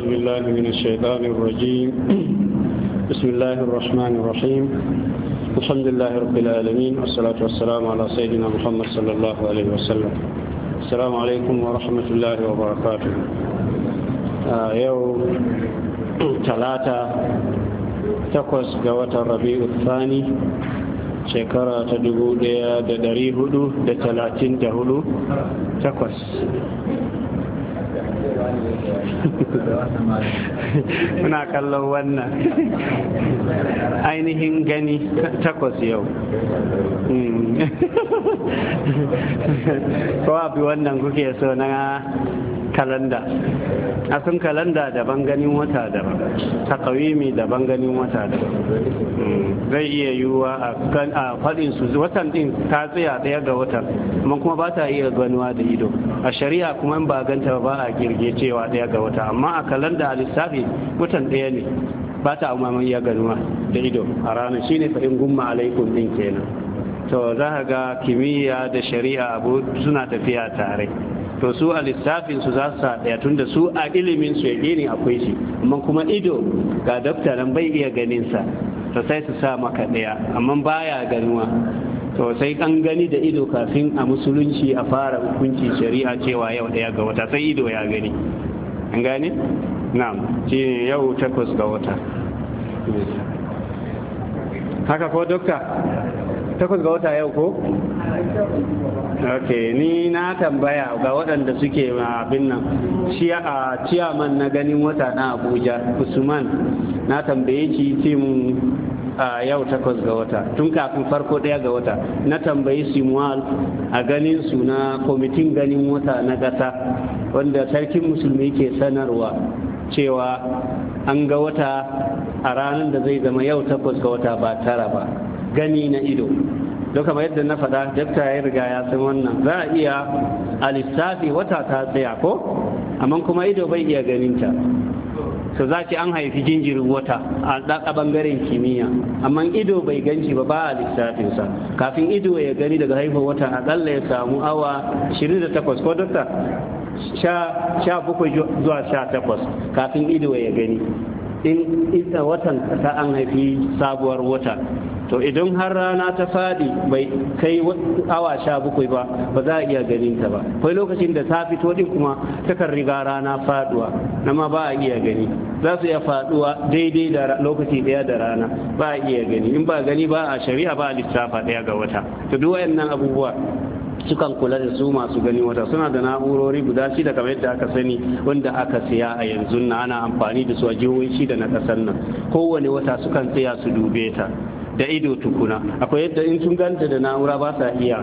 بسم الله من الشيطان الرجيم بسم الله الرحمن الرحيم الحمد لله رب العالمين والصلاة والسلام على سيدنا محمد صلى الله عليه وسلم السلام عليكم ورحمة الله وبركاته آه يوم ثلاثة تقوس قوة الربيع الثاني shekara ta dubu daya da dari hudu da talatin da hudu takwas muna kallon wannan ainihin gani takwas yau hmm. ko abi wannan kuke so na kalanda sun kalanda daban ganin wata daban takawimi daban ganin wata daban hmm. zai iya yiwuwa a faɗin su watan din ta tsaya ɗaya ga watan amma kuma ba ta iya ganuwa da ido a shari'a kuma in ba ganta ba a girge cewa ɗaya ga wata amma a kalanda a lissafi watan ɗaya ne ba ta umarnin iya ganuwa da ido a ranar shine ne faɗin gumma alaikum ɗin kenan to za ga kimiyya da shari'a abu suna tafiya tare to su a lissafin su za su ɗaya tun da su a ilimin su yaƙini akwai shi amma kuma ido ga daftaran bai iya ganin sa to sai su sa maka ɗaya amma baya ganuwa to sai an gani da ido kafin a musulunci a fara hukunci shari'a cewa yau ɗaya ga wata sai ido ya gani an gane na'am shi yau takwas ga wata haka ko dokta takwas ga wata yau ko ok ni na tambaya ga waɗanda suke abin nan a ciyaman na ganin wata na abuja usman na tambaye shi tim a yau takwas ga wata tun kafin farko ɗaya ga wata na tambayi simuwal a ganin su na kwamitin ganin wata na ƙasa wanda sarkin musulmi ke sanarwa cewa an ga wata a ranar da zai zama yau takwas ga wata ba tara ba gani na ido duk kamar yadda na faɗa dakta ya riga ya san wannan za a iya a lissafi wata ta tsaya ko amma kuma ido bai iya ganin ta so za ki an haifi jinjirin wata a bangaren kimiyya amma ido bai ganci ba ba a lissafinsa kafin ido ya gani daga haifar wata akalla ya samu awa 28 ko dokta sha bakwai zuwa sha takwas kafin ido ya gani in ita watan ta an haifi sabuwar wata to idan har rana ta faɗi bai kai awa sha bakwai ba ba za a iya ganin ta ba kai lokacin da ta fito din kuma takan riga rana faduwa na ma ba a iya gani za su iya faduwa daidai da lokaci daya da rana ba a iya gani in ba gani ba a shari'a ba a lissafa daya ga wata to duk abubuwa sukan kula da su masu gani wata suna da na'urori guda shida kamar yadda aka sani wanda aka siya a yanzu na ana amfani da su a jihohin shida na kasar nan kowane wata sukan tsaya su dube ta da ido tukuna akwai yadda in sun ganta da na'ura ba sa iya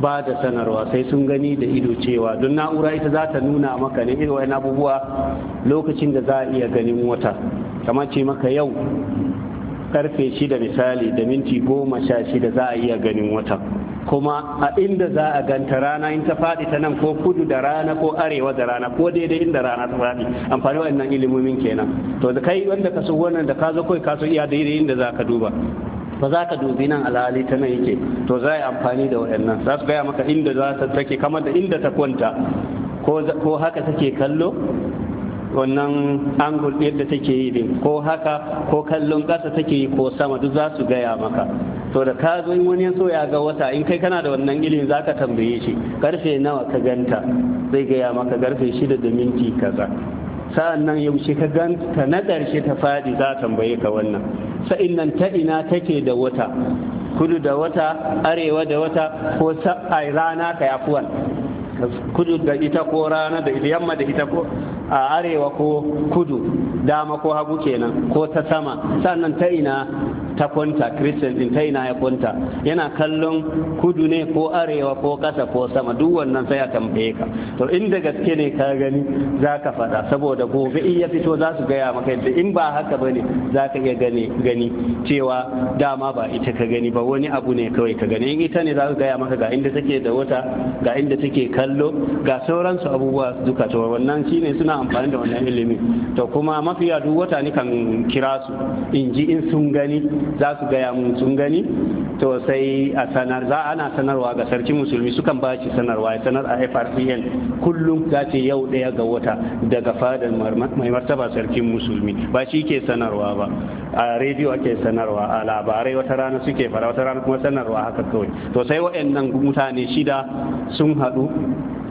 ba da sanarwa sai sun gani da ido cewa don na'ura ita za ta nuna maka ne irin abubuwa lokacin da za a iya ganin wata kamar ce maka yau karfe shida misali da minti goma sha shida za a iya ganin wata kuma a inda za a ganta rana in ta faɗi ta nan ko kudu da rana ko arewa da rana ko daidai inda rana ta faɗi amfani wannan ilimomin kenan to da kai wanda ka so wannan da ka zo kai ka so iya daidai inda za ka duba ba za ka dubi nan alhali ta nan yake to za a yi amfani da waɗannan za su gaya maka inda za ta take kamar da inda ta kwanta ko haka take kallo wannan angul yadda take yi din ko haka ko kallon ƙasa take yi ko sama duk za su gaya maka to da ka zo in wani so ya ga wata in kai kana da wannan ilimin za ka tambaye shi karfe nawa ka ganta zai gaya maka karfe shida da minti kaza sa'an nan yaushe ka ganta na ƙarshe ta faɗi za tambaye ka wannan sa'in nan ta ina take da wata kudu da wata arewa da wata ko rana ka yafuwan kudu da ita ko rana da yamma da ita ko a arewa ko kudu dama ko hagu kenan ko ta sama sannan ta ina ta kwanta christian din ta ina ya kwanta yana kallon kudu ne ko arewa ko kasa ko sama duk wannan sai a tambaye ka to inda gaske ne ka gani za ka faɗa saboda gobe in ya fito za su gaya maka yadda in ba haka ba ne za ka iya gani cewa dama ba ita ka gani ba wani abu ne kawai ka gani in ita ne za ka gaya maka ga inda take da wata ga inda take kallo ga sauransu abubuwa duka to wannan shine suna amfani da wannan ilimin to kuma mafiya duk wata ni kan kira su in ji in sun gani za su gaya mun sun gani to sai a sanar za ana sanarwa ga sarki musulmi sukan ba shi sanarwa ya sanar a FRCN kullum za ce yau daya ga wata daga fadar mai martaba sarkin musulmi ba shi ke sanarwa ba a rediyo ake sanarwa a labarai wata rana suke fara wata rana kuma sanarwa haka kawai to sai waɗannan mutane shida sun haɗu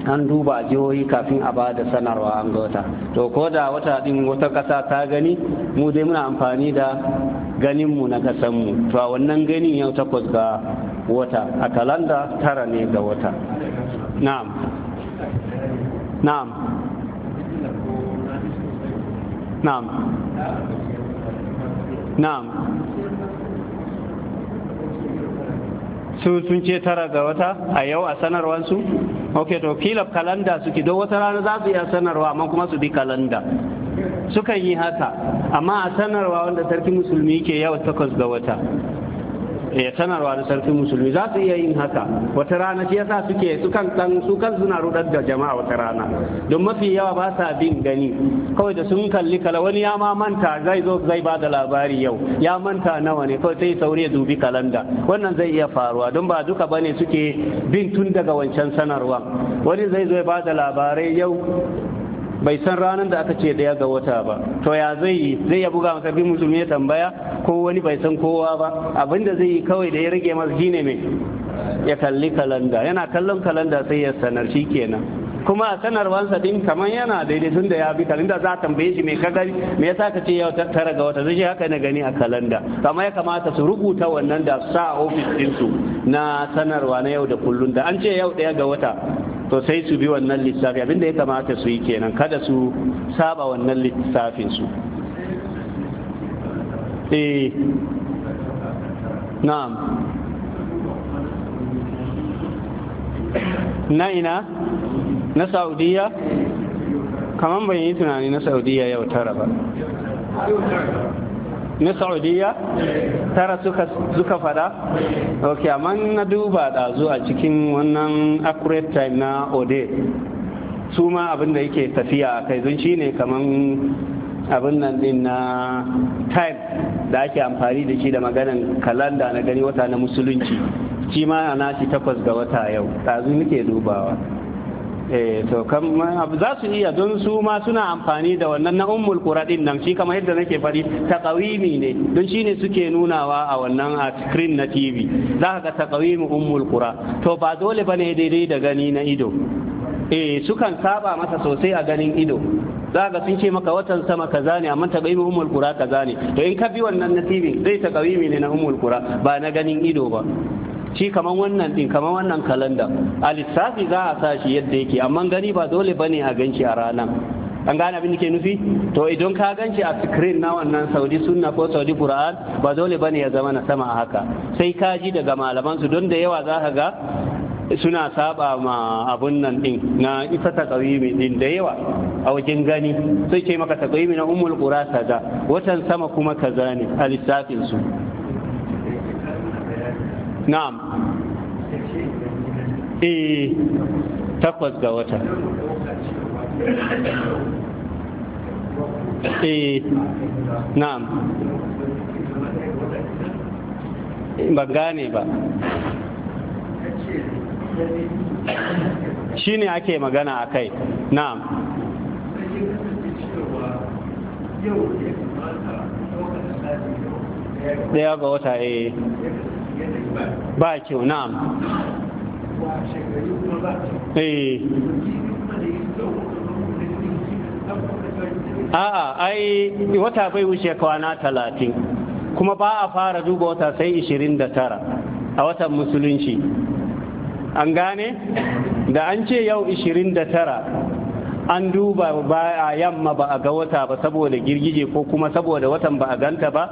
an duba a jihohi kafin a ba da sanarwa an ga wata to ko da wata din wata ƙasa ta gani mu dai muna amfani da ganinmu na ƙasanmu to a wannan ganin yau takwas ga wata a kalanda tara ne ga wata na'am na'am na'am na'am su sun ce tara ga wata a yau a sanarwarsu ok to kila kalanda suke don wata rana za su iya sanarwa amma kuma su bi kalanda sukan yi haka amma a sanarwa wanda sarki musulmi ke yawa takwas ga wata ya eh, sanarwa da sarkin musulmi za su iya yin haka wata rana shi yasa suke su kan dan su kan suna rudar da jama'a wata rana don mafi yawa ba sa bin gani kawai da sun kalli kala wani ya ma manta zai zo zai bada labari yau ya manta nawa ne kawai sai sauri ya dubi kalanda wannan zai iya faruwa don ba duka ba ne suke bin tun daga wancan sanarwa wani zai zo ya ba da labarai yau bai san ranar da aka ce daya ga wata ba to ya zai yi zai ya buga masa musulmi ya tambaya ko wani bai san kowa ba abinda zai yi kawai da ya rage masa shine mai ya kalli kalanda yana kallon kalanda sai ya sanar shi kenan kuma a sanarwansa din kamar yana daidai tun da ya bi kalanda za a tambaye shi mai kagari me yasa ka ce yau tara ga wata zai haka na gani a kalanda kamar ya kamata su rubuta wannan da sa ofis ɗinsu na sanarwa na yau da kullum da an ce yau ɗaya ga wata to sai su bi wannan lissafi abinda ya kamata su yi kenan kada su saba wannan littafin su eh, na'am na ina na saudiya kamar bayan yi tunani na saudiya yau tara ba na saudiya tara suka faɗa? fada ok amma na duba ɗazu a cikin wannan accurate time na ode su ma abin yake tafiya a kai zunci ne kamar abin nan din na time da ake amfani da shi da maganan kalanda na gani wata na musulunci shi ma na shi takwas ga wata yau ɗazu nake dubawa eh to kam za su iya don su ma suna amfani da wannan na ummul qura nan shi kamar yadda nake fari taqawimi ne don shi ne suke nunawa a wannan a screen na TV za ka ga taqawimi ummul qura to ba dole bane daidai da gani na ido eh sukan saba masa sosai a ganin ido za ga sun ce maka watan sama kaza ne amma taqawimi ummul qura kaza ne to in ka bi wannan na TV zai taqawimi ne na ummul qura ba na ganin ido ba shi kaman wannan din kaman wannan kalanda a lissafi za a sa shi yadda yake amma gani ba dole bane a ganshi a ranar an gane abin da ke nufi to idan ka ganci a screen na wannan saudi sunna ko saudi qur'an ba dole bane ya zama na sama a haka sai ka ji daga malaman su don da yawa za ka ga suna saba ma abun nan din na isa taqwimi din da yawa a wajen gani sai ce maka taqwimi na ummul qura kaza watan sama kuma kaza ne a lissafin su na'am eh takwas ga wata eh na'am ban gane ba shi ne ake magana a kai na'am ɗaya ga wata eh ba kyau na'am eh. a'a ai wata bai wuce kwana talatin kuma ba a fara duba wata sai 29 da tara a watan musulunci an gane da an ce yau ishirin da tara an duba ba a yamma ba a ga wata ba saboda girgije ko kuma saboda watan ba a ganta ba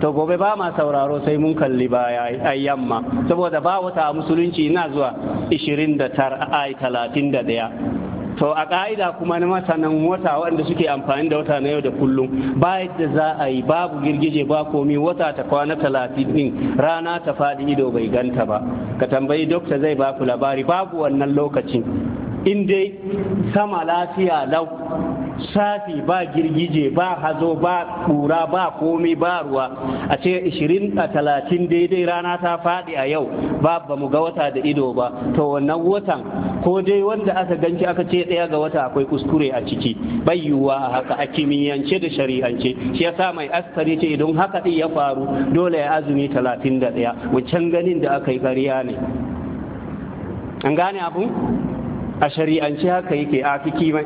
to gobe ba ma sauraro sai mun kalli baya a yamma saboda ba wata a musulunci ina zuwa 29 a 31 to a ka'ida kuma na masanan wata wanda suke amfani da wata na yau da kullum ba yadda za a yi babu girgije ba komi wata ta kwana talatin din rana ta faɗi ido bai ganta ba ka tambayi dokta zai baku labari babu wannan lokacin in dai sama lafiya lau safi ba girgije ba hazo ba kura ba komai ba ruwa a ce 20 a 30 daidai rana ta faɗi a yau ba ba mu ga wata da ido ba to wannan watan ko dai wanda aka ganci aka ce ɗaya ga wata akwai kuskure a ciki bai yiwuwa a haka a kimiyyance da shari'ance shi yasa mai askari ce idan haka ɗin ya faru dole ya azumi 31 wancan ganin da aka yi ƙarya ne an gane abu a shari'ance haka yake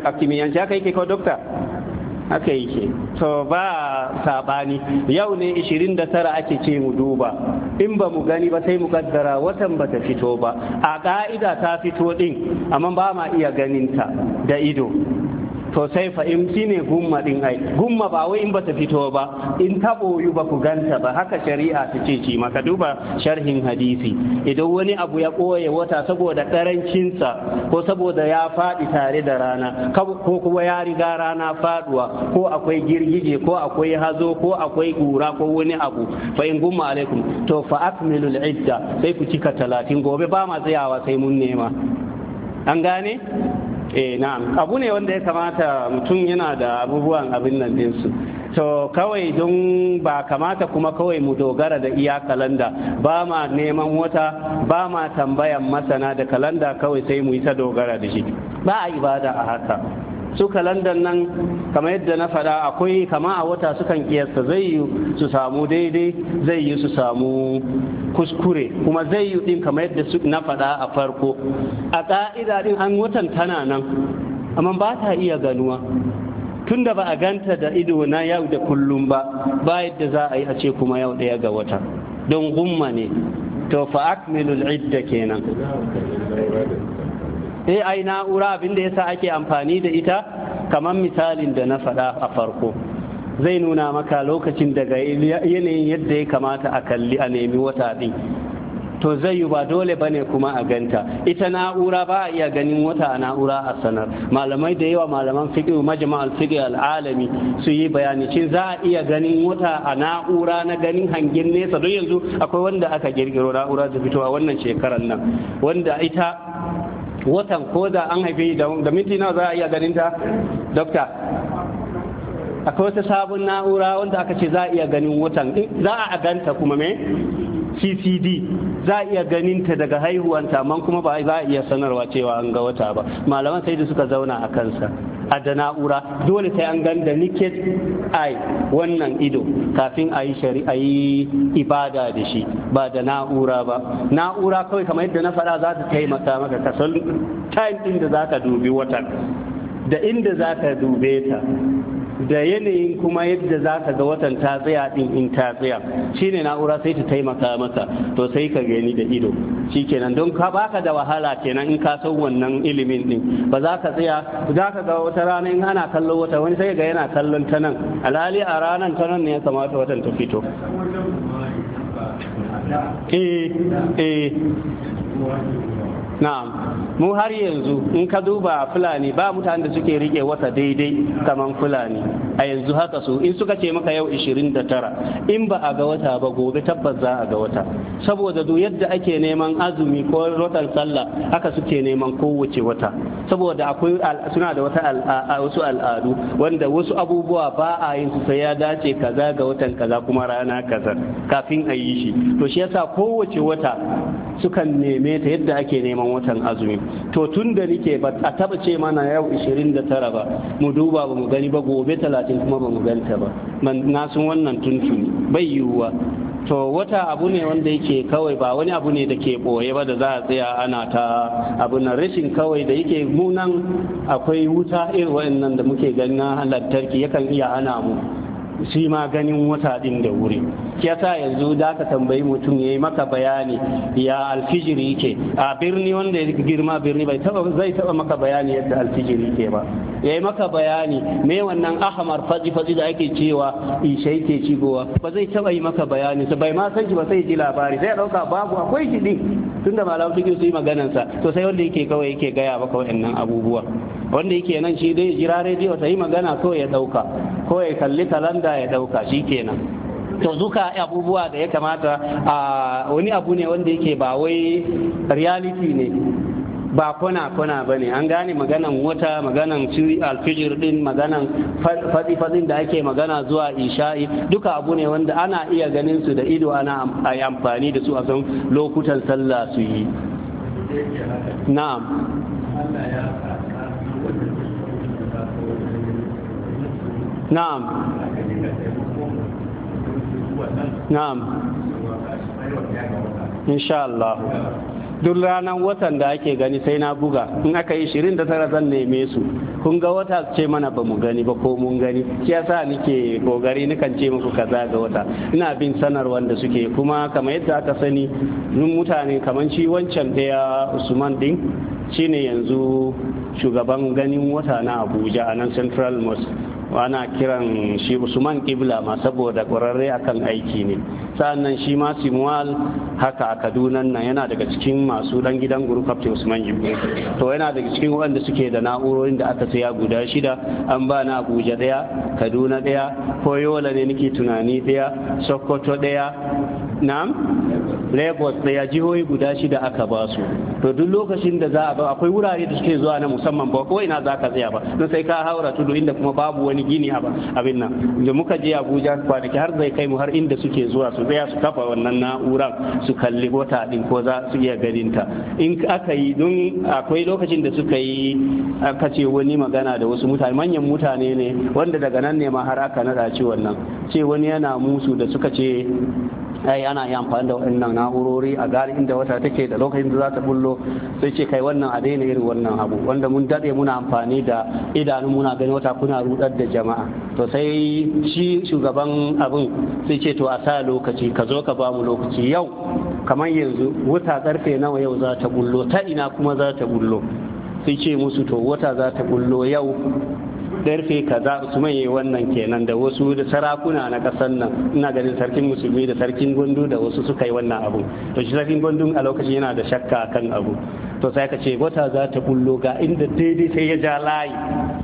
a kimiyyance haka yake ko dokta haka yake to ba sabani yau ne 29 ake ce mu duba in ba mu gani ba sai mu kaddara watan ba ta fito ba a ka'ida ta fito din amma ba ma iya ganinta da ido to sai fa in shine gumma din ai gumma ba wai in ba ta fito ba in ta boyu ba ku ganta ba haka shari'a ta ce ci maka duba sharhin hadisi idan wani abu ya boye wata saboda sa ko saboda ya faɗi tare da rana ko kuma ya riga rana faduwa ko akwai girgije ko akwai hazo ko akwai ƙura ko wani abu fa in gumma alaikum to fa akmilul idda sai ku cika talatin gobe ba ma tsayawa sai mun nema an gane eh na'am abu ne wanda ya kamata mutum yana da abubuwan abin nan dinsu to kawai don ba kamata kuma kawai mu dogara da iya kalanda ba ma neman wata ba ma tambayan masana da kalanda kawai sai mu yi ta dogara da shi ba a ibada a haka su kalandar nan kama yadda na faɗa akwai kama a wata sukan kiyasta zai yi su samu daidai zai yi su samu kuskure kuma zai yi din kama yadda na faɗa a farko a ƙa'ida din an watan tana nan amma ba ta iya ganuwa tunda ba a ganta da ido na yau da kullum ba ba yadda za a yi a ce kuma yau ɗaya ga wata don gumma ne to fa akmilul idda kenan ai na'ura abin da yasa ake amfani da ita kamar misalin da na faɗa a farko zai nuna maka lokacin daga yanayin yadda ya kamata a kalli a nemi wata ɗin to zai yi ba dole bane kuma a ganta ita na'ura ba a iya ganin wata a na'ura a sanar malamai da yawa malaman fiqh majma'al fiƙi al'alami su yi bayani cin za a iya ganin wata a na'ura na ganin hangen nesa don yanzu akwai wanda aka girgiro na'ura da fito a wannan shekarar nan wanda ita watan ko da an haife da minti nawa za a iya ganin ta dokta akwai wata sabon na'ura wanda aka ce za a iya ganin watan eh, za a ganta kuma me ccd za a iya ganinta daga haihuwanta amma kuma ba za a iya sanarwa cewa an ga wata ba malaman sai da suka zauna a kansa a da na'ura dole sai an gan da naked eye wannan ido kafin a yi shari'a ibada da shi ba da na'ura ba na'ura kawai kamar yadda na faɗa za ta taimaka maka ka san time ɗin da za ka dubi watan da inda za ka dube ta da yanayin kuma yadda za ka ga watan ta tsaya din in ta tsaya ne na'ura sai ta taimaka maka to sai ka gani da ido Shi kenan don ka baka da wahala kenan in ka san wannan ilimin din ba za ka tsaya za ka ga wata rana in ana kallon wata wani sai ga yana kallon ta nan alhali a ranan ta nan ne ya kamata watan ta fito eh, eh. na'am mu har yanzu in ka duba fulani ba mutanen da suke rike wata daidai kaman fulani a yanzu haka su in suka ce maka yau 29 in ba a ga wata ba gobe tabbas za a ga wata saboda duk yadda ake neman azumi ko rotar sallah haka suke neman kowace wata saboda akwai suna da wata wasu al'adu wanda wasu abubuwa ba a yin su sai ya dace kaza ga watan kaza kuma rana kaza kafin a yi shi to shi yasa kowace wata sukan neme ta yadda ake neman watan azumi to tun da nike ba a taba ce mana yau 29 ba mu duba ba mu gani ba gobe 30 kuma ba mu ganta ba na sun wannan tuntuni bai yiwuwa to wata abu ne wanda yake kawai ba wani abu ne da ke ɓoye ba da za a tsaya ana ta abu na rashin kawai da yake munan akwai wuta irin waɗannan da muke gani na lantarki yakan iya ana mu shi ma ganin wata din da wuri kiyasa yanzu da ka tambayi mutum ya yi maka bayani ya alfijiri yake a birni wanda ya girma birni bai taba zai taba maka bayani yadda alfijiri yake ba ya yi maka bayani me wannan ahmar faji faji da ake cewa ishai ke cigowa ba zai taba yi maka bayani sa bai ma san shi ba sai ji labari sai ya dauka babu akwai shi din tunda malamu suke su yi maganar sa to sai wanda yake kawai yake gaya maka waannan abubuwa wanda yake nan shi dai jira rediyo ta yi magana kawai ya dauka ko ya kalli kalanda ya ɗauka shi kenan to duka abubuwa da ya kamata a wani abu ne wanda yake ba wai reality ne ba kwana-kwana ba ne an gane maganan wata maganan alfijir din maganan faɗi-faɗin da ake magana zuwa isha'i duka abu ne wanda ana iya ganin su da ido ana amfani da su a san lokutan sallah su yi na'am na'am na'am insha Allah duk ranar watan da ake gani sai na buga in aka yi shirin da tara zan neme su kun ga wata ce mana ba mu gani ba ko mun gani shi yasa nake kokari nukan ce muku kaza ga wata ina bin sanar wanda suke kuma kamar yadda aka sani mun mutane kamar shi wancan daya Usman din shine yanzu shugaban ganin wata na Abuja a nan Central Mosque ana kiran shi usman kibla ma saboda ƙwararre akan aiki ne sa'annan shi ma simwal haka a kaduna nan yana daga cikin masu dan gidan guru kaftin usman jibgo to yana daga cikin waɗanda suke da na'urorin da aka saya guda shida an ba na abuja ɗaya kaduna ɗaya Koyola ne nake tunani ɗaya sokoto ɗaya na'am lagos daya jihohi guda shida aka ba su to duk lokacin da za a ba akwai wurare da suke zuwa na musamman ba ko ina za ka tsaya ba don sai ka haura tudu inda kuma babu wani gini a abin nan da muka je abuja kwanaki har zai kai mu har inda suke zuwa su tsaya su kafa wannan na'uran su kalli wata din ko za su iya ganin ta in aka yi don akwai lokacin da suka yi aka ce wani magana da wasu mutane manyan mutane ne wanda daga nan ne ma har aka nada ci wannan ce wani yana musu da suka ce ai ana iya amfani da waɗannan na'urori a gane inda wata take da lokacin da za ta bullo sai ce kai wannan a daina irin wannan abu wanda mun daɗe muna amfani da idanu muna gani wata kuna rudar da jama'a to sai shi shugaban abin sai ce to a sa lokaci ka zo ka bamu lokaci yau kamar yanzu wuta karfe nawa yau za ta bullo ta ina kuma za ta bullo sai ce musu to wata za ta bullo yau Ƙarfe, kaza usman yayi wannan kenan da wasu da sarakuna na ƙasar nan ina ganin sarkin musulmi da sarkin Gwandu da wasu suka yi wannan abu to shi sarkin gondun a lokacin yana da shakka kan abu to sai ka ce wata za ta bullo ga inda daidai sai ya ja layi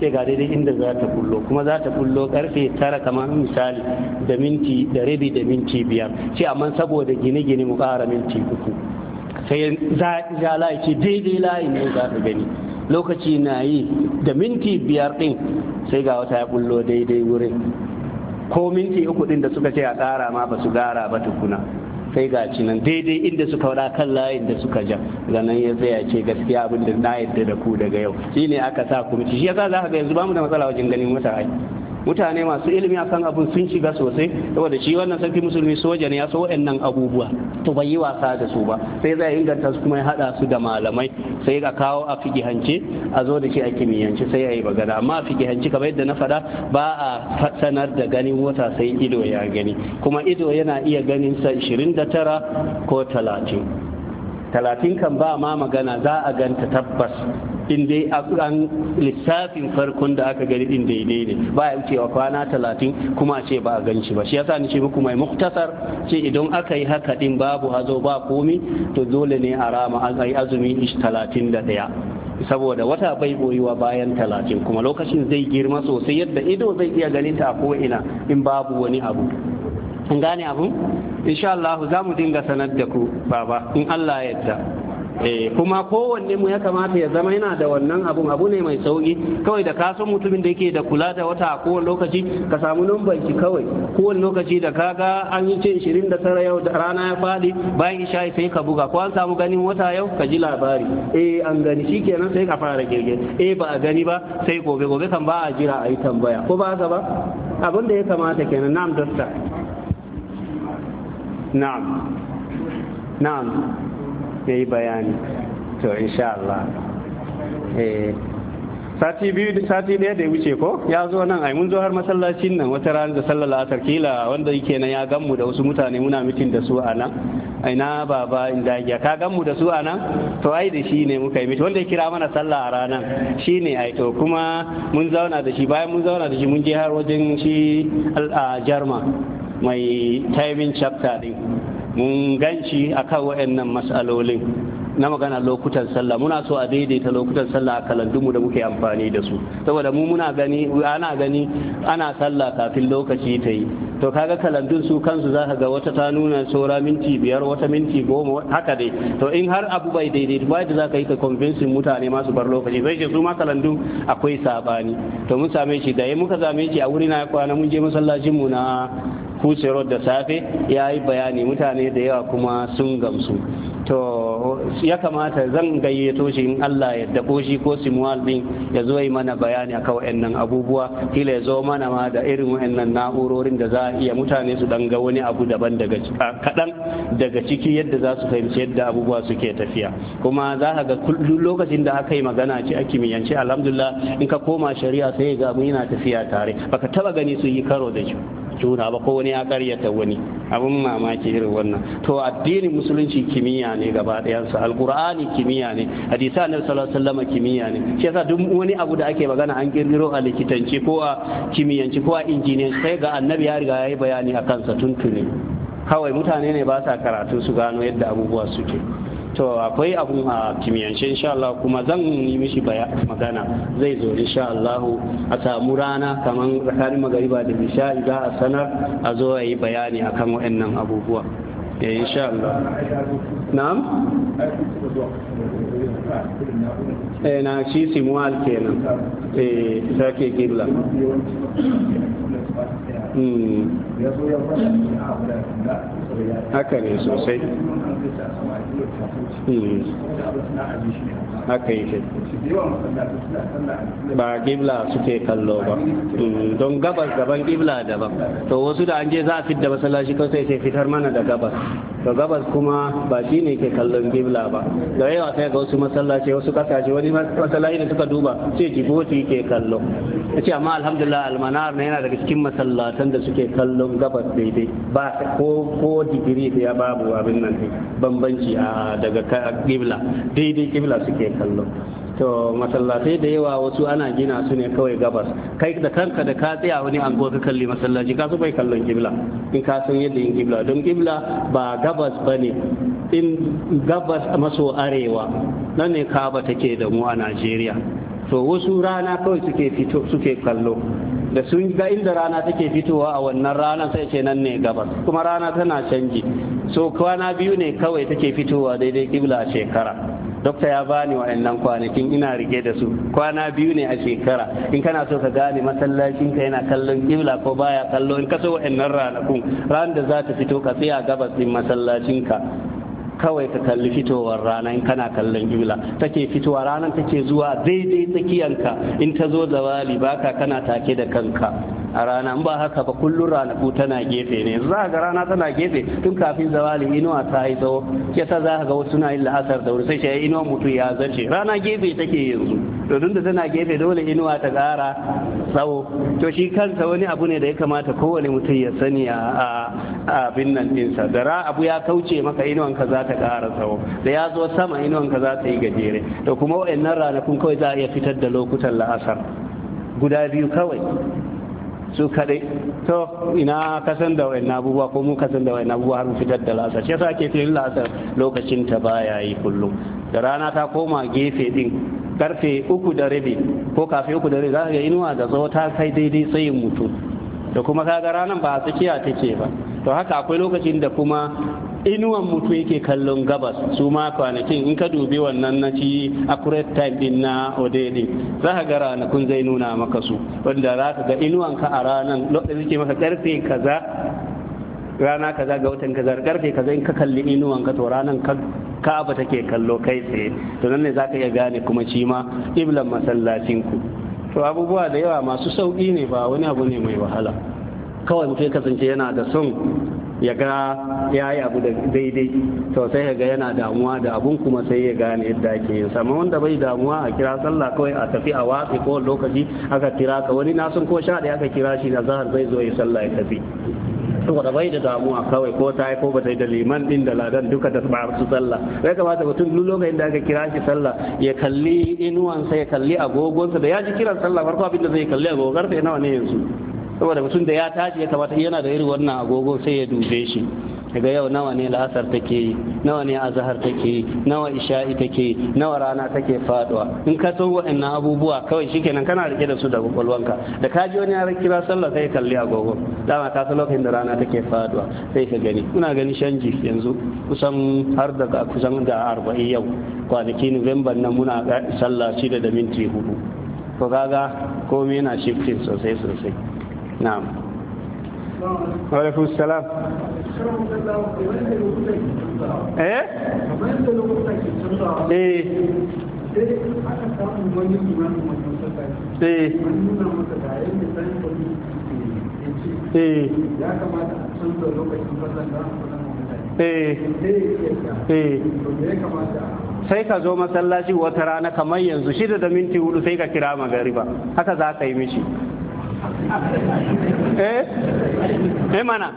sai ga daidai inda za ta bullo kuma za ta bullo karfe tara kamar misali da minti da rabi da minti biyar ce amma saboda gine-gine mu kara minti uku sai ja layi ce daidai layi ne za ta gani lokaci na yi da minti biyar ɗin sai ga wata ya bullo daidai wurin ko minti uku ɗin da suka ce a tsara ma ba su ƙara ba tukuna sai ga ci nan daidai inda suka wada kan layin da suka ja zanen ya tsaya ce gaskiya abin da na yadda da ku daga yau shine aka sa kuma shi yasa za ka ga yanzu ba da matsala wajen ganin mutane mutane masu ilimi akan abin sun shiga sosai saboda shi wannan sarki musulmi soja ne ya so nan abubuwa to bai yi wasa da su ba sai zai inganta su kuma ya hada su da malamai sai a kawo a fikihance a zo da shi a kimiyyance sai ya yi magana amma a fikihance kamar yadda na faɗa ba a sanar da ganin wata sai ido ya gani kuma ido yana iya ganin sa 29 ko 30 talatin kan ba ma magana za a ganta tabbas in dai an lissafin farkon da aka gani din daidai ne ba ya wucewa kwana talatin kuma ce ba a gan shi ba shi yasa ni ce muku mai muktasar ce idan aka yi haka din babu hazo ba komi to dole ne a rama an yi azumi talatin da ɗaya saboda wata bai boyuwa bayan talatin kuma lokacin zai girma sosai yadda ido zai iya ganin ta a ko'ina in babu wani abu kun gane abu insha Allah za mu dinga sanar da ku baba in Allah yadda eh kuma kowanne mu ya kamata ya zama yana da wannan abun abu ne mai sauki kawai da kasan mutumin da yake da kula da wata a kowane lokaci ka samu numban ki kawai kowane lokaci da kaga an yi ce 29 yau da rana ya fadi bayan isha sai ka buga ko an samu ganin wata yau ka ji labari eh an gani shikenan sai ka fara girge eh ba a gani ba sai gobe gobe kan ba a jira a yi tambaya ko ba haka ba abin da ya kamata kenan nam dokta na'am na'am ya yi bayani to insha Allah eh. sati biyu da sati ɗaya da ya wuce ko ya zo nan ai mun zo har masallacin nan wata rana da sallar la'asar kila wanda yake nan ya gan da wasu mutane muna mitin da su a nan ai na baba in dagiya ka gan da su a nan to ai da shi ne muka yi mitin wanda ya kira mana sallah a ranar shi ne ai to kuma mun zauna da shi bayan mun zauna da shi mun je har wajen shi Al'ajarma. mai timing chapter din mun ganci akan waɗannan matsalolin na magana lokutan sallah muna so a daidaita lokutan sallah a kalandunmu da muke amfani da su saboda mu muna gani ana gani ana sallah kafin lokaci ta yi to kaga kalandun su kansu za ka ga wata ta nuna saura minti biyar wata minti goma haka dai to in har abu bai daidaita ba da ka yi ka convincing mutane masu bar lokaci sai ce su ma kalandun akwai sabani to mun same shi da muka same shi a wuri na kwana mun je masallacin mu na kusurwar da safe ya yi bayani mutane da yawa kuma sun gamsu to ya kamata zan gayyato shi in Allah ya dabo shi ko simuwal din ya zo yi mana bayani akan waɗannan abubuwa kila ya zo mana ma da irin waɗannan na'urorin da za a iya mutane su dan ga wani abu daban daga kaɗan daga ciki yadda za su fahimci yadda abubuwa suke tafiya kuma za ka ga kullum lokacin da aka yi magana ce a kimiyyance alhamdulillah in ka koma shari'a sai ga mu yana tafiya tare baka taba gani su yi karo da shi juna ba ko wani ya karyata wani abin mamaki irin wannan to addinin musulunci kimiyya ne gaba su alkur'ani kimiyya ne hadisa annabi sallallahu kimiyya ne shi yasa duk wani abu da ake magana an kirkiro a likitanci ko a kimiyyanci ko a injiniyanci sai ga annabi ya riga yayi bayani a kansa tuntuni kawai mutane ne ba sa karatu su gano yadda abubuwa suke to akwai abun a kimiyyance insha Allah kuma zan yi mishi magana zai zo insha Allah a samu rana kaman tsakanin magariba da bisha. za a sanar a zo a yi bayani akan waɗannan abubuwa ya eh, insha Allah na'am eh na shi simual kenan eh sake kibla ya hmm. haka ne sosai eh, haka yake ba gibla suke kallo ba eh, don gabas daban gibla daban to wasu da an je za a fitar masallaci kawai sai sai fitar mana da gabas to gabas kuma ba shi ne ke kallon gibla ba da yawa sai ga wasu masallaci wasu kasashe wani masallaci da suka duba sai jiboti ke kallo ya ce amma alhamdulillah almanar na yana daga cikin masallatan da suke kallon gabas daidai ba ko digiri ɗaya babu abin nan bambanci a daga kibla daidai kibla suke kallo to masallatai da yawa wasu ana gina su ne kawai gabas kai da kanka da ka tsaya wani ango ka kalli masallaci ka bai kallon kibla in ka san yadda yin kibla don kibla ba gabas ba ne in gabas maso arewa nan ne kaba take da mu a najeriya to wasu rana kawai suke fito suke kallo da sun ga inda rana take fitowa a wannan rana sai ce nan ne gabas kuma rana tana canji so kwana biyu ne kawai take fitowa daidai kibla a shekara dokta ya bani wa'annan kwanakin ina rike da su kwana biyu ne a shekara in kana so ka gane masallacin ka yana kallon kibla ko baya kallo in ka so wa'annan ranakun ran da za ta fito ka tsaya gabas din masallacin ka kawai ka kalli fitowar rana in kana kallon jula take fitowa ranar take zuwa daidai tsakiyanka in ta zo zawali baka kana take da kanka a rana ba haka ba kullum ranaku tana gefe ne za ga rana tana gefe tun kafin zawali inuwa ta yi tsawo yasa za ga wasu na yin la'asar da wuri sai shi inuwa mutu ya zarce rana gefe take yanzu to da tana gefe dole inuwa ta ƙara tsawo to shi kansa wani abu ne da ya kamata kowane mutum ya sani a abin nan ɗinsa da ra abu ya kauce maka inuwan ka za ta ƙara tsawo da ya zo sama inuwanka za ta yi gajere da kuma wa'annan ranakun kawai za a iya fitar da lokutan la'asar guda biyu kawai su kaɗe to ina kasan da wa'in abubuwa ko mu kasan da wa'in abubuwa har mu fitar da la'asar shi yasa ke filin la'asar lokacin ta baya yi kullum da rana ta koma gefe din karfe uku da rabi ko kafin uku da rabi za ka ga inuwa da tsawo ta kai daidai tsayin mutum da kuma kaga ranar ba a tsakiya take ba to haka akwai lokacin da kuma inuwan mutu yake kallon gabas su ma kwanakin in ka dubi wannan na ci accurate time din na odedi za ka ga ranakun zai nuna maka su wanda za ka ga inuwan ka a ranan lokacin ce maka karfe kaza rana kaza ga watan kaza karfe kaza in ka kalli inuwan ka to ranan ka ka'aba take kallo kai tsaye to nan ne za ka iya gane kuma shi ma iblan masallacin ku to abubuwa da yawa masu sauƙi ne ba wani abu ne mai wahala kawai mutum ya kasance yana da son ya ga ya yi abu da daidai to sai ya ga yana damuwa da abun kuma sai ya gane yadda ake yin sama wanda bai damuwa a kira sallah kawai a tafi a watsi ko lokaci aka kira ka wani nasun ko sha aka kira shi na zahar zai zo ya sallah ya tafi saboda bai da damuwa kawai ko ta yi ko ba ta yi da liman din da ladan duka da ba su sallah ya kamata mutum duk lokacin da aka kira shi sallah ya kalli inuwansa ya kalli agogonsa da ya ji kiran sallah farko abin da zai kalli agogonsa ya nawa ne yanzu saboda mutum da ya tashi ya kamata yana da irin wannan agogo sai ya dube shi daga yau nawa ne la'asar take yi nawa ne azahar take yi nawa isha'i take yi nawa rana take faduwa in ka san waɗannan abubuwa kawai shikenan kana rike da su da kwakwalwanka da ka ji wani ya kira sallah sai kalli agogo dama ka san lokacin da rana take faduwa sai ka gani muna gani canji yanzu kusan har da kusan da arba'in yau kwanaki november nan muna sallah shida da minti hudu to kaga komai yana shifting sosai sosai نعم وعليكم السلام sai ka zo masallaci wata rana kamar yanzu shida da minti hudu sai ka kira magariba haka za ka yi mishi eh eh mana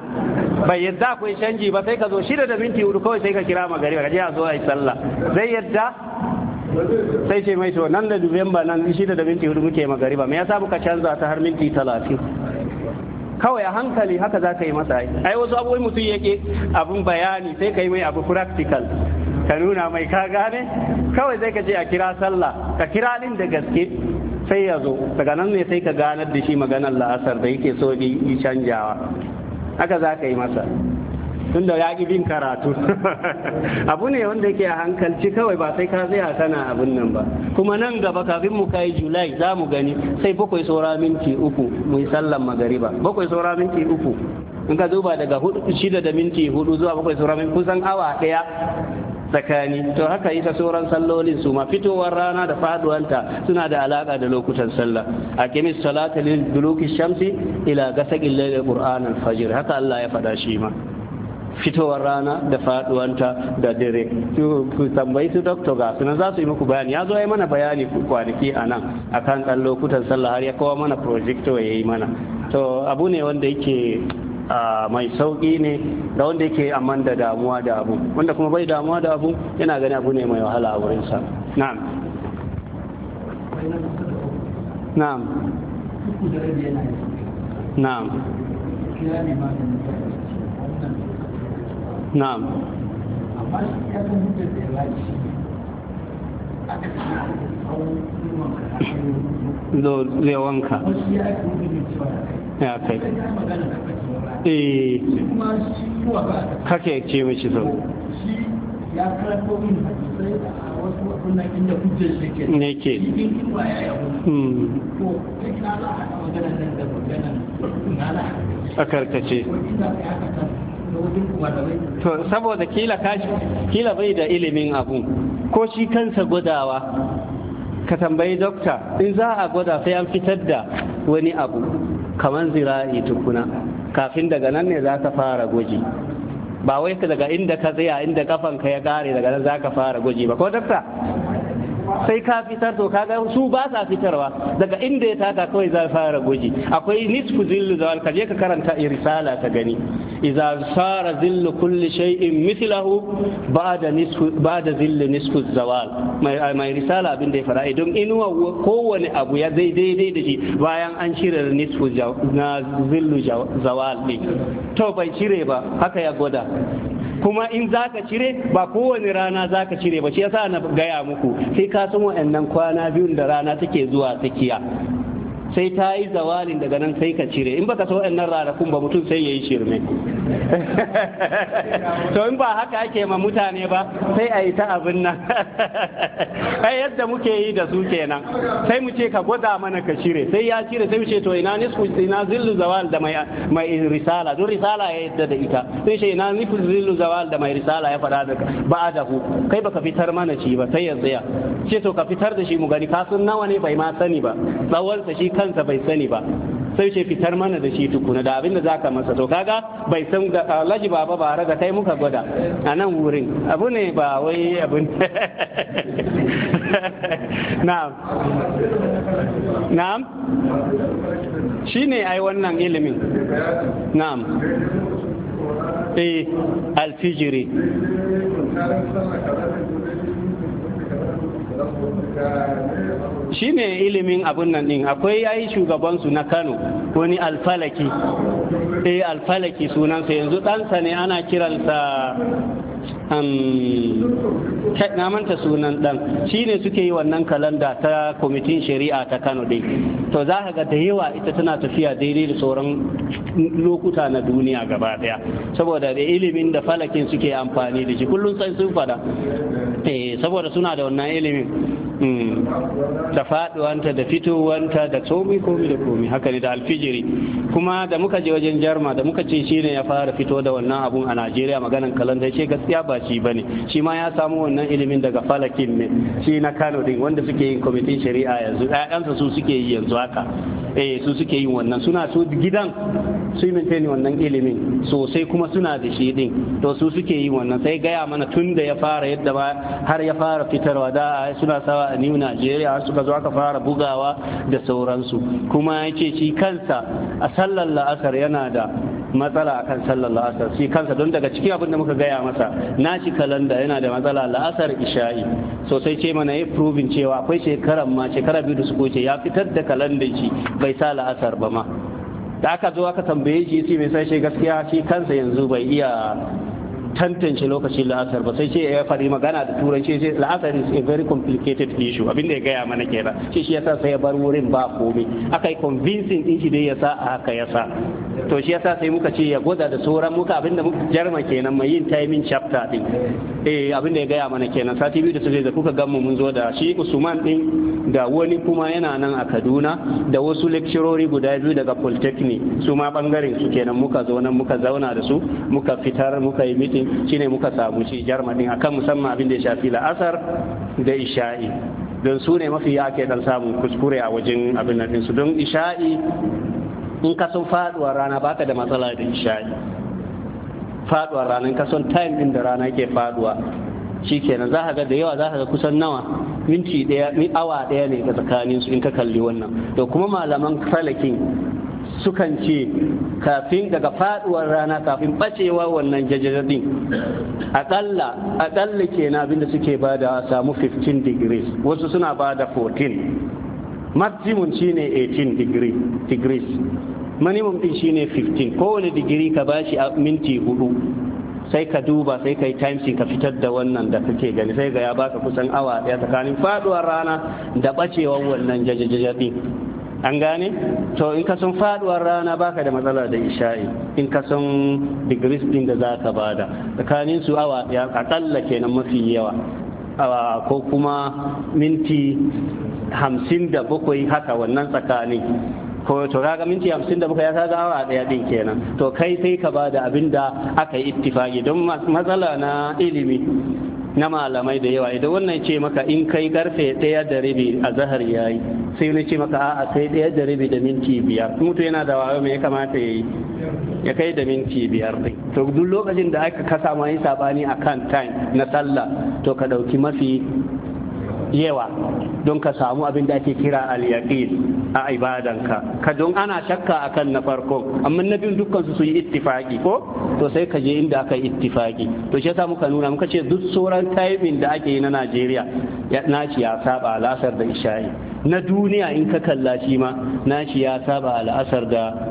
bai yadda akwai canji ba sai ka zo shida da minti hudu kawai sai ka kira magari ka je a zo a yi sallah zai yadda sai ce mai to nan da Nuwamba nan shida da minti hudu muke magari ba me yasa muka canza ta har minti talatin kawai a hankali haka za ka yi masa ai ai wasu abubuwan mutum yake abin bayani sai ka yi mai abu practical ka nuna mai ka gane kawai zai ka je a kira sallah ka kira din da gaske sai ya zo daga nan ne sai ka ganar da shi maganar la'asar da yake so yi canjawa haka za ka yi masa tun da ya ƙi bin karatu abu ne wanda yake a hankalci kawai ba sai ka tsaya kana abin nan ba kuma nan gaba kafin mu kai julai za mu gani sai bakwai saura minti uku mu yi sallan magariba bakwai saura minti uku in ka duba daga shida da minti hudu zuwa bakwai saura minti kusan awa ɗaya tsakani to haka ita sauran sallolin su ma fitowar rana da faduwanta suna da alaka da lokutan sallah aqimis salata lil duluki shamsi ila gasaqil layl qur'an al fajr haka Allah ya fada shi ma fitowar rana da faduwanta da dare ku tambayi su doctor ga sunan za su yi muku bayani ya zo ya mana bayani kwanaki a nan akan kan lokutan sallah har ya kawo mana projector ya yi mana to abu ne wanda yake mai sauki ne da wanda yake amman da damuwa da abu wanda kuma bai damuwa da abu yana gani abu ne mai wahala a wurinsa na'am na'am na'am na'am zai wanka ya kai Eh, kake ce mace sau ya a wasu ke ne ke hmm. saboda kila bai da ilimin abun ko shi kansa gudawa ka tambayi dokta in za a gwada sai an fitar da wani abu kamar zira'i tukuna kafin daga nan ne za ka fara gwaji ba wai ka daga inda ka tsaya inda kafanka ya kare daga nan za ka fara gwaji ba ko dakta sai ka fitar to kaga su ba sa fitarwa daga inda ya taka kawai za fara gwaji akwai nisfu zillu zawal ka je ka karanta irisala ta gani idza sara zillu kulli shay'in mithlahu ba'da nisfu ba'da zillu nisfu zawal mai risala abin da ya fara idan inuwa kowane abu ya zai daidai da shi bayan an cire zillu zawal ne to bai cire ba haka ya gwada kuma in za ka cire ba kowane rana za ka cire ba shi yasa na gaya muku sai ka san wa'annan kwana biyun da rana take zuwa tsakiya sai ta yi zawalin daga nan sai ka cire in baka so waɗannan ranakun ba mutum sai ya yi shirme to in ba haka ake ma mutane ba sai a yi ta abin nan ai yadda muke yi da su kenan sai mu ce ka gwada mana ka cire sai ya cire sai mu ce to ina nisfu ina zillu zawal da mai mai risala don risala ya yadda da ita sai ce ina nisfu zillu zawal da mai risala ya faɗa da ba da ku kai baka fitar mana shi ba sai ya tsaya ce to ka fitar da shi mu gani kasun nawa ne bai ma sani ba tsawon sa shi kansa bai sani ba sai ce fitar mana da shi tukuna da abin da za ka masa to kaga bai san da ba baba bara da kai muka gwada a nan wurin abu ne ba wai abin na'am na'am shine ai wannan ilimin na'am eh alfijiri Thank you. shi ne ilimin abin nan ɗin akwai ya yi shugabansu na kano wani alfalaki eh alfalaki sunansa yanzu ɗansa ne ana kiransa um, na sunan ɗan shi ne suke yi wannan kalanda ta kwamitin shari'a ta kano ɗin to za ka ga da yawa ita tana tafiya daidai da sauran lokuta na duniya gaba ɗaya saboda da ilimin da falakin suke amfani da shi kullum sai sun fada eh, saboda suna da wannan ilimin Mm. da faduwanta da fitowanta da tsomi komi da komi haka ne da alfijiri kuma da muka je wajen jarma da muka ce shi ne ya fara fito da wannan abun a najeriya maganan kalanda ce gaskiya ba shi ba ne shi ma ya samu wannan ilimin daga falakin ne shi na kano din wanda suke yin kwamitin shari'a yanzu ƴaƴansa su suke yi yanzu haka eh su suke yin wannan suna so gidan su yi wannan ilimin sosai kuma suna da shi din to su suke yi wannan sai gaya mana tun da ya fara yadda ba har ya fara fitarwa da suna sawa a new nigeria har suka zo aka fara bugawa da sauransu kuma ya ce shi kansa a sallar la'asar yana da matsala akan sallar la'asar shi kansa don daga cikin abin da muka gaya masa na shi kalanda yana da matsala la'asar isha'i sosai ce mana ya proving cewa akwai shekarar ma shekara biyu da su ce ya fitar da kalandar shi bai sa la'asar ba ma da aka zo aka tambaye shi yace mai sai shi gaskiya shi kansa yanzu bai iya tantance lokacin la'asar ba sai ce ya fari magana da turanci sai la'asar is a very complicated issue abin da ya gaya mana kenan shi shi yasa sai ya bar wurin ba komai aka yi convincing din shi dai yasa a haka yasa to shi yasa sai muka ce ya goda da sauran muka abin da jarma kenan mai yin timing chapter din eh abin da ya gaya mana kenan sati biyu da suke da kuka gamu mun zo da shi Usman din da wani kuma yana nan a Kaduna da wasu lecturer guda biyu daga Polytechnic su ma bangaren su kenan muka zo nan muka zauna da su muka fitar muka yi meeting muslim shine muka samu shi a akan musamman abin da ya shafi la'asar da isha'i don su ne mafi ya ke dan samun kuskure a wajen abin da su don isha'i in ka sun faduwar rana baka da matsala da isha'i faduwar in ka sun time din da rana ke faduwa shikenan za ka ga da yawa za ka ga kusan nawa minti daya awa daya ne tsakaninsu tsakanin su in ka kalli wannan da kuma malaman falakin sukan ce kafin daga faduwar rana kafin bacewa wannan jajjajin akalla akalla kenan abinda suke bada samu 15 degrees wasu suna bada 14 maximum shine 18 degree degrees minimum din shine 15 kowane digiri ka bashi a minti hudu sai ka duba sai ka yi timesing ka fitar da wannan da kake gani sai ga ya baka kusan awa ɗaya tsakanin faduwar rana da bacewar wannan jajajajaɗi an gane to in ka sun faduwar rana baka da matsala da isha'i in ka sun degrees din da zaka bada tsakanin su awa ya akalla kenan mafi yawa awa ko kuma minti hamsin da bakwai haka wannan tsakanin ko to kaga minti hamsin da bakwai ya kaga awa daya din kenan to kai sai ka bada abin da aka yi ittifaki don matsala na ilimi na malamai da yawa idan wannan ce maka in kai karfe ɗaya da rabi a zahar yayi sai wani ce maka a'a sai ɗaya da rabi da minti biyar mutu yana da wayo mai kamata ya yi ya kai da minti biyar ɗin to duk lokacin da aka kasa ma yi sabani a kan time na sallah to ka ɗauki mafi yawa don ka samu abin da ake kira al-yaqin a ibadanka ka don ana shakka akan na farko amma na biyun dukkan su yi ittifaki ko to sai ka je inda aka yi ittifaki to shi yasa muka nuna muka ce duk sauran taimin da ake yi na Najeriya ya naci ya saba al'asar da isha'i na duniya in ka kalla shi ma naci ya saba al'asar da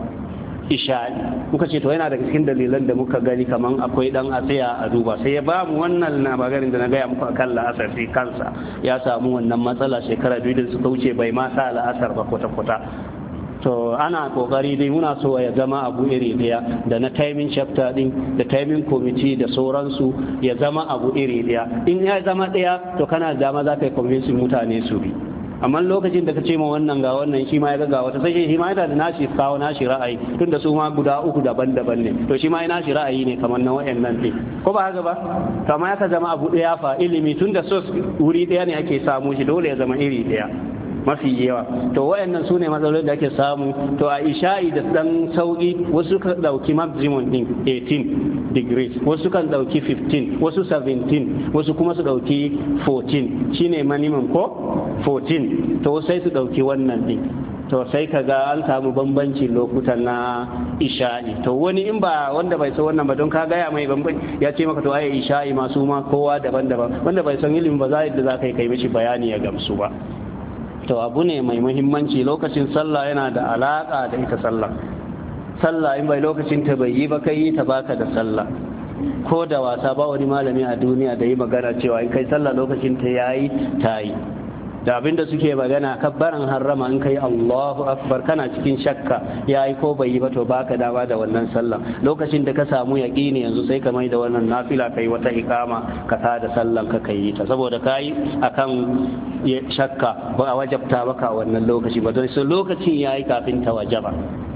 isha'i muka ce to yana daga cikin dalilan da muka gani kamar akwai dan asaya a duba sai ya bamu wannan na da na gaya muku akan la'asar sai kansa ya samu wannan matsala shekara biyu da suka wuce bai ma sa la'asar ba kwata-kwata to ana kokari dai muna so ya zama abu iri daya da na timing chapter din da taimin committee da sauransu ya zama abu iri daya in ya zama daya to kana dama za ka yi convincing mutane su bi amma lokacin da ka ce ma wannan ga wannan shi ma ya ga wata sai shi ma yana da nashi kawo nashi ra'ayi tunda su ma guda uku daban-daban ne to shi ma ya nashi ra'ayi ne kamar na wayannan ne ko ba haka ba to amma ya ka zama abu daya fa ilimi tunda sos wuri ɗaya ne ake samu shi dole ya zama iri daya mafi yawa to wayannan sune matsalolin da ake samu to a isha'i da dan sauki wasu kan dauki maximum din 18 degrees wasu kan dauki 15 wasu 17 wasu kuma su dauki 14 shine minimum ko 14 to sai su dauki wannan din to sai ka ga an samu bambanci lokutan na isha'i to wani in ba wanda bai san wannan ba don ka gaya mai bambanci ya ce maka to ai isha'i masu ma kowa daban-daban wanda bai san ilimin ba za da za ka yi kai mishi bayani ya gamsu ba to abu ne mai muhimmanci lokacin sallah yana da alaƙa da ita sallah sallah in bai lokacin ta bai yi ba kai ta baka da sallah ko da wasa ba wani malami a duniya da yi magana cewa in kai sallah lokacin ta yayi ta yi da abin da suke magana kabbaran harrama in kai Allahu akbar kana cikin shakka yayi ko bai yi ba to baka dama da wannan sallan lokacin da ka samu yaqini yanzu sai ka mai da wannan nafila kai wata ikama ka sa da sallan ka kai ta saboda kai akan shakka ba a wajabta maka wannan lokaci ba don sai lokacin yayi kafin ta wajaba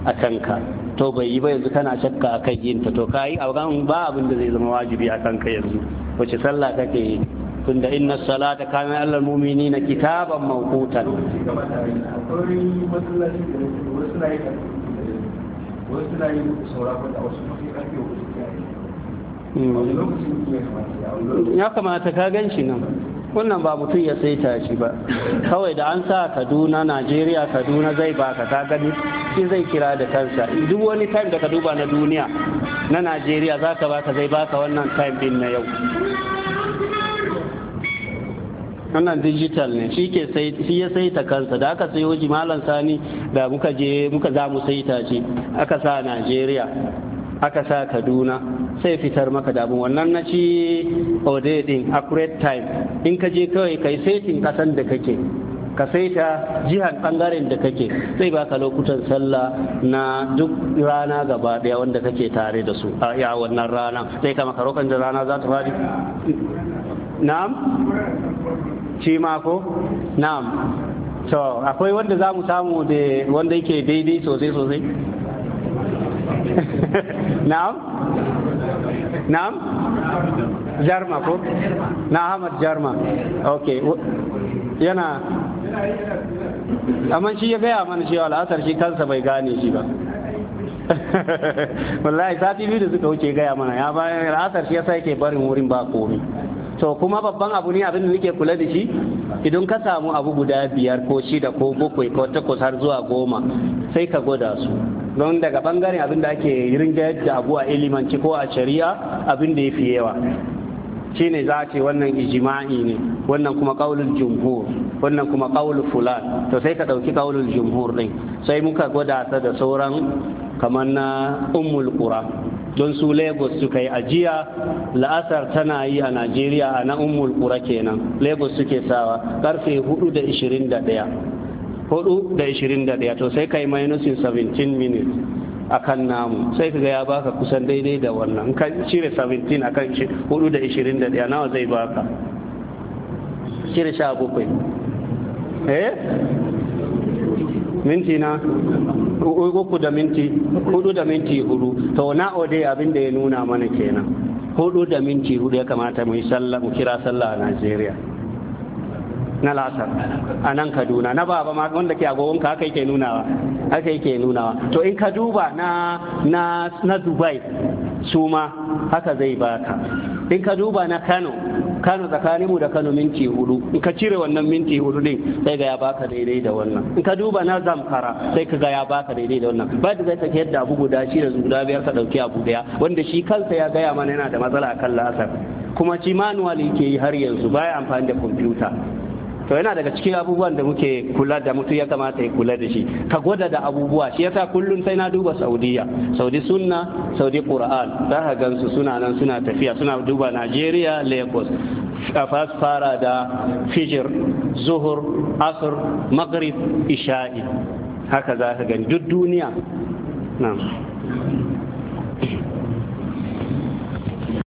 a kanka to bai yi ba yanzu kana shakka akan yin ta to kai a ba abin da zai zama wajibi akan ka yanzu wace sallah kake yi tunda inna salata kana alal mu'minina kitaban mawqutan hmm. ya kamata ka gan shi nan wannan ba mutum ya saita shi ba kawai da an sa kaduna najeriya kaduna zai baka ka gani shi zai kira da kansa duk wani time da ka duba na duniya na najeriya za ka baka zai baka wannan time din na yau wannan digital ne shi ke shi ya saita kansa da aka sayo ji malam sani da muka je muka za mu saita shi aka sa Najeriya aka sa Kaduna sai fitar maka da abin wannan na ci ode din accurate time in ka je kawai kai saitin kasan da kake ka saita jihar bangaren da kake zai baka lokutan sallah na duk rana gaba daya wanda kake tare da su a ya wannan rana sai ka maka da rana za ta fadi na'am shi ma ko na'am to akwai wanda za mu samu da wanda yake daidai sosai sosai na'am na'am jarma ko na ahmad jarma ok yana amma shi ya gaya mana cewa al'asar shi kansa bai gane shi ba wallahi sati biyu da suka wuce gaya mana ya bayan al'asar shi ya sa barin wurin ba komi to kuma babban abu ne abin da nake kula da shi idan ka samu abu guda biyar ko shida ko bakwai ko takwas har zuwa goma sai ka gwada su don daga bangaren abin da ake rinjayar da abu a ilimanci ko a shari'a abin da ya fi yawa shi ne za a ce wannan ijima'i ne wannan kuma kaulul jumhur wannan kuma kaulul fulan to sai ka ɗauki kaulul jumhur ɗin sai muka gwada ta da sauran kamar na ummul qura don su lagos suka yi ajiya la'asar tana yi a najeriya a na Umul kura kenan lagos suke sawa karfe 4:21 to sai kai minus 17 minutes a kan namu sai kaga ya baka kusan daidai da wannan kan cire 17 akan 4:21 nawa zai baka cire 17 eh minti na uku da minti hudu da minti hudu to na ode abin da ya nuna mana kenan hudu da minti hudu ya kamata mu yi sallah mu kira sallah a Najeriya na lasar a nan kaduna na baba ma wanda ke agogon ka haka yake nunawa haka yake nunawa to in ka duba na na na dubai su ma haka zai baka in ka duba na kano kano tsakanin mu da kano minti hudu in ka cire wannan minti hudu din sai ga ya baka daidai da wannan in ka duba na zamfara sai ka ga ya baka daidai da wannan ba da zai sake yadda abu guda shi da guda biyar ka dauki abu daya wanda shi kansa ya gaya mana yana da matsala akan lasar. kuma ci manuwali ke yi har yanzu baya amfani da kwamfuta to yana daga cikin abubuwan da muke kula da mutu ya kamata ya kula da shi ka gwada da abubuwa shi yasa kullum sai na duba saudiya saudi sunna saudi qur'an za ka gansu suna nan suna tafiya suna duba najeriya lagos kafas fara da fijir zuhur asr maghrib isha'i haka za ka gani duk duniya